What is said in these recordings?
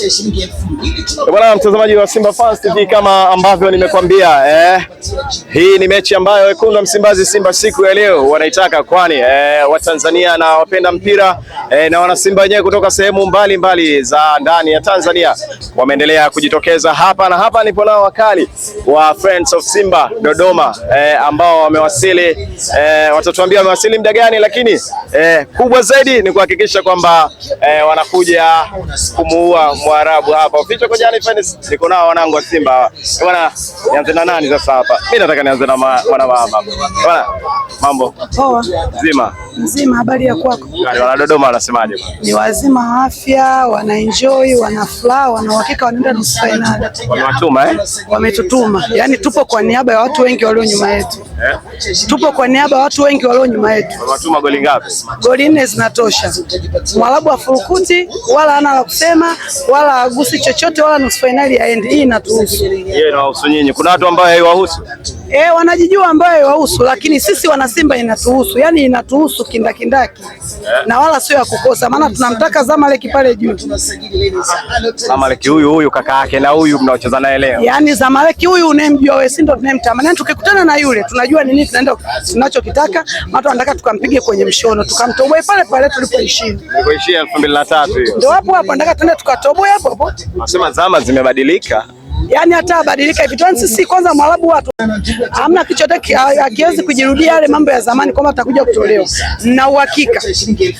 cha shilingi elfu mbili. Bwana mtazamaji wa Simba Fans TV, kama ambavyo nimekwambia eh, hii ni mechi ambayo wekundu wa Msimbazi Simba siku ya leo wanaitaka, kwani eh, Watanzania na wapenda mpira eh, na wanasimba wenyewe kutoka sehemu mbalimbali za ndani ya Tanzania wameendelea kujitokeza hapa na hapa, nipo nao wakali wa Friends of Simba Dodoma eh, ambao wamewasili eh, watatuambia wamewasili muda gani, lakini eh, kubwa zaidi ni kuhakikisha kwamba eh, wanakuja kumuua Waarabu hapa. Official Koja Ally Fans niko nao wanangu wa Simba. hawa eh, Bwana, nianze na nani sasa hapa? Mimi nataka nianze na mwana mama. Eh, bwana, mambo. Poa. Nzima. Nzima, habari ya kwako? Wana Dodoma wanasemaje Ni wazima afya, wana enjoy, wana furaha, wana uhakika wanaenda nusu finali. Wamewatuma eh? Wametutuma. Yaani tupo kwa niaba ya watu wengi walio nyuma yetu. Eh? Tupo kwa niaba ya watu wengi walio nyuma yetu. Wamewatuma goli ngapi? Goli nne zinatosha. Mwarabu afurukuti wala hana la kusema wala wala hagusi chochote wala nusu finali aende. Hii inatuhusu. Yeye inawahusu nyinyi. Kuna watu ambao haiwahusu E, wanajijua ambayo wahusu, lakini sisi wana Simba inatuhusu, yaani inatuhusu kindakindaki na wala sio ya kukosa, maana tunamtaka Zamalek pale juu. Zamalek huyu huyu kaka yake na huyu mnaocheza naye leo, yaani Zamalek huyu unayemjua wewe, si ndio tunayemtamani, yaani na tukikutana na yule tunajua nini tunaenda tunachokitaka. mato, anataka tukampige kwenye mshono tukamtoboe pale pale tulipoishia tulipoishia 2003 hiyo, ndio hapo hapo anataka tuende tukatoboe hapo hapo. Nasema zama zimebadilika yani hata abadilika hivi tuanze sisi kwanza mwarabu watu hamna kichote akiwezi kujirudia yale mambo ya zamani kwamba atakuja kutolewa na uhakika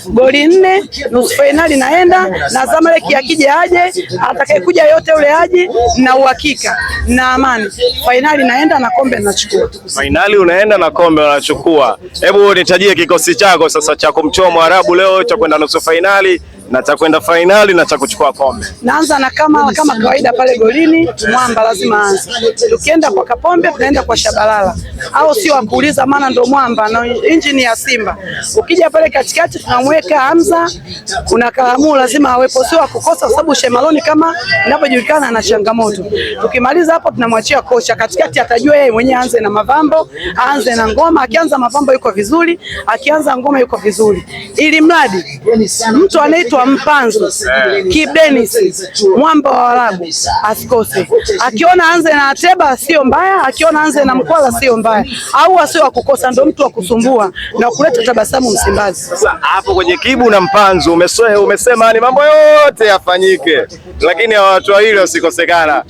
goli nne nusu fainali naenda na Zamalek akija aje atakayekuja yote yule aje na uhakika na amani fainali naenda na kombe nachukua fainali unaenda na kombe unachukua hebu nitajie kikosi chako sasa cha kumchoma mwarabu leo cha kwenda nusu fainali na cha kwenda fainali na cha kuchukua kombe. Naanza na kama kama kawaida pale golini, mwamba lazima aanze. Tukienda kwa Kapombe tunaenda kwa Shabalala, au sio? Wakuuliza maana ndo mwamba na injini ya Simba. Ukija pale katikati tunamweka Hamza, kuna Kalamu lazima awepo, sio akukosa, kwa sababu Shemaloni kama inavyojulikana ana changamoto. Tukimaliza hapo tunamwachia kocha katikati, atajua yeye mwenyewe, aanze na mavambo, aanze na ngoma. Akianza mavambo yuko vizuri, akianza ngoma yuko vizuri, ili mradi mtu anaitwa wa mpanzo kibenis mwamba wa Waarabu asikose. Akiona anze na Ateba sio mbaya, akiona anze na Mkwala sio mbaya, au asio akukosa, ndo mtu wa kusumbua na kuleta tabasamu Msimbazi. Sasa hapo kwenye Kibu na mpanzo umesoe, umesema ni mambo yote yafanyike, lakini hawa watu wawili wasikosekana.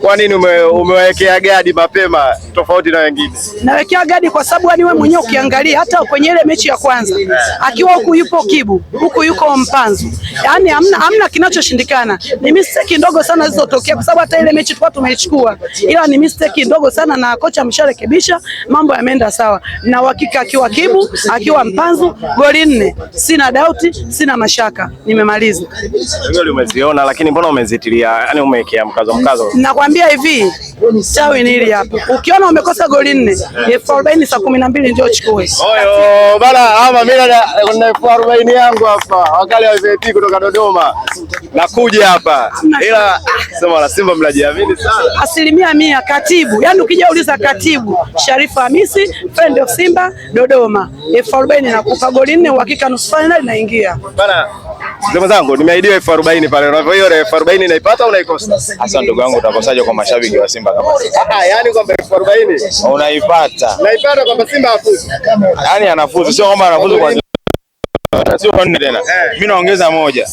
Kwa nini umewawekea gadi mapema tofauti na wengine? Nawekea gadi kwa sababu yani wewe mwenyewe ukiangalia hata kwenye ile mechi ya kwanza akiwa huku yupo Kibu huku yuko mpanzo mchezo. Yaani amna, amna kinachoshindikana. Ni mistake ndogo sana zilizotokea kwa sababu hata ile mechi tulikuwa tumeichukua. Ila ni mistake ndogo sana na kocha amesharekebisha, mambo yameenda sawa. Na uhakika akiwa Kibu, akiwa Mpanzu goli nne. Sina doubt, sina mashaka. Nimemaliza. Wewe umeziona lakini mbona umezitilia? Yaani umeekea mkazo mkazo. Nakwambia hivi, tawi nili hapa. Ukiona umekosa goli nne, elfu arobaini saa kumi na mbili ndio chukue. Oyo, bana ama mimi na elfu arobaini yangu hapa. Wakali VIP kutoka Dodoma nakuja hapa, ila sema la Simba mnajiamini sana, asilimia mia. Katibu yani ukija uliza katibu Sharifu Hamisi, friend of Simba Dodoma, elfu arobaini nakupa goli nne, uhakika nusu fainali naingia bana. Ndugu zangu nimeahidiwa elfu arobaini pale. Unavyo hiyo elfu arobaini naipata au naikosa? Hasa ndugu yangu utakosaje kwa mashabiki wa Simba kama sisi? Ah, ah yani kwamba elfu arobaini unaipata. Naipata kwamba Simba hafuzu. Yaani anafuzu sio kwamba anafuzu kwa sio nne tena, eh. mimi naongeza moja,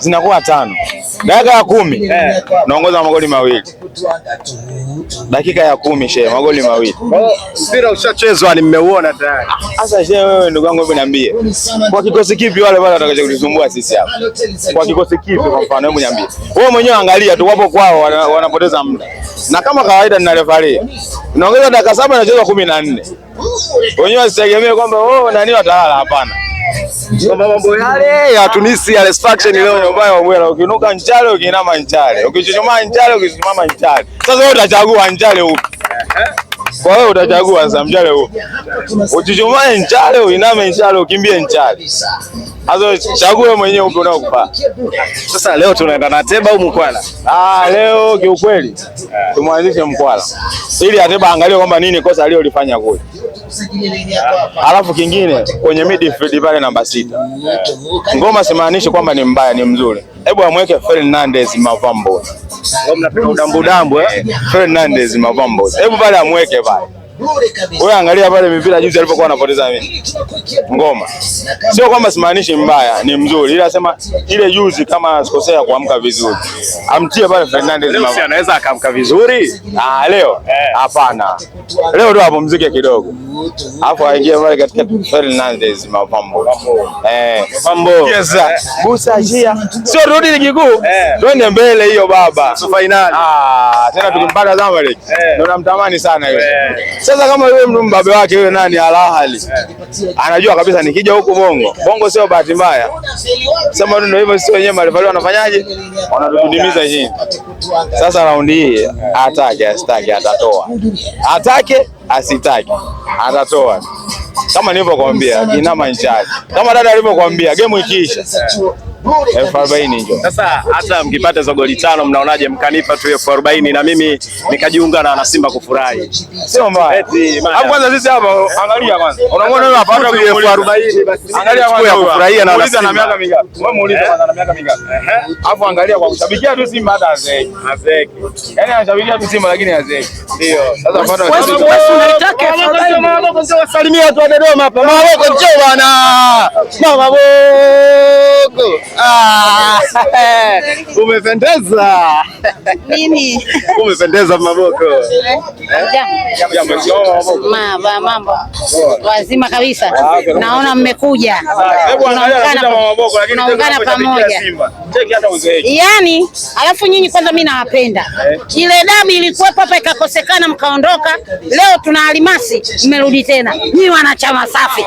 zinakuwa tano. Dakika ya kumi eh. naongoza magoli mawili, dakika ya kumi shehe, magoli mawili. Mpira oh, ushachezwa, nimeuona tayari. Sasa shehe, wewe ndugu yangu, hebu niambie, kwa kikosi kipi wale wale watakaje kutusumbua sisi hapa? Kwa kikosi kipi? Kwa mfano, hebu niambie wewe mwenyewe, angalia tu wapo kwao, wanapoteza muda, na kama kawaida ninalefalia, naongeza dakika saba, nacheza kumi na nne wenyewe wasitegemee kwamba oh, nani watalala. Hapana. Kama mambo yale ya Tunisi ya restriction leo ambayo bwana, ukinuka njale, ukiinama njale, ukichuchumaa njale, ukisimama njale. Sasa wewe utachagua njale upi? Eh, eh. Kwa hiyo utachagua sasa mchale huo. Uchuchumae mchale, uiname mchale, ukimbie mchale. Sasa chague mwenyewe upi unaokufaa. Sasa leo tunaenda na Ateba au Mkwala? Ah, leo kiukweli tumwanzishe Mkwala. Ili Ateba angalie kwamba nini kosa alilolifanya kule. Alafu kingine kwenye midfield pale namba sita. Ngoma simaanishi kwamba ni mbaya, ni mzuri. Hebu amweke Fernandez Mavambo. Mnapenda udambudambu eh? Fernandez Mavambo. Hebu pale amweke pale. Wewe angalia pale mipira juzi alipokuwa anapoteza mimi. Ngoma. Sio kwamba simaanishi mbaya, ni mzuri. Ila sema ile juzi kama sikosea kuamka vizuri. Amtie pale Fernandez leo si anaweza akaamka vizuri? Ah, leo. Eh. Hapana. Leo ndio apumzike kidogo. Alafu aingie pale katika Fernandez mapambo. Eh, mapambo. Yes sir. Eh. Busa jia. Sio rudi ligi kuu. Eh. Twende mbele hiyo baba. Finali. Ah, tulimpata Zamalek eh. ndio namtamani sana yule. Eh. Sasa kama yule mbabe wake yule nani Al Ahly anajua kabisa nikija huku Bongo, Bongo sio bahati mbaya, sema ndio hivyo, sio wenyewe marefali wanafanyaje, wanatudimiza nyinyi. Sasa raundi hii atake asitake, atatoa atake asitake, atatoa kama nilivyokuambia, inama nchani kama dada alivyokuambia, game ikiisha elfu arobaini njo. Sasa hata mkipata hizo goli tano, mnaonaje mkanipa tu elfu arobaini na mimi nikajiunga na wanasimba kufurahi? Sio mbaya. Hapo kwanza sisi hapa, angalia kwanza, unaona wewe hapa hata elfu arobaini basi, angalia kwanza kufurahia na wanasimba. Na miaka mingapi wewe muulize kwanza, na miaka mingapi? Ehe, hapo angalia kwa kushabikia tu Simba, hata azeki azeki, yani anashabikia tu Simba lakini azeki. Ndio sasa pata basi, unaitake elfu arobaini mama wako ndio wasalimia watu wa Dodoma hapa, mama wako njoo bwana, mama wako Ah, umependeza. Nini? Umependeza Maboko. mambo. Wazima kabisa. Naona mmekuja. naungana pamoja. yani alafu nyinyi kwanza mi nawapenda. Eh. Ile damu ilikuwepo hapa ikakosekana mkaondoka. Leo tuna alimasi mmerudi tena. Nyinyi wanachama safi.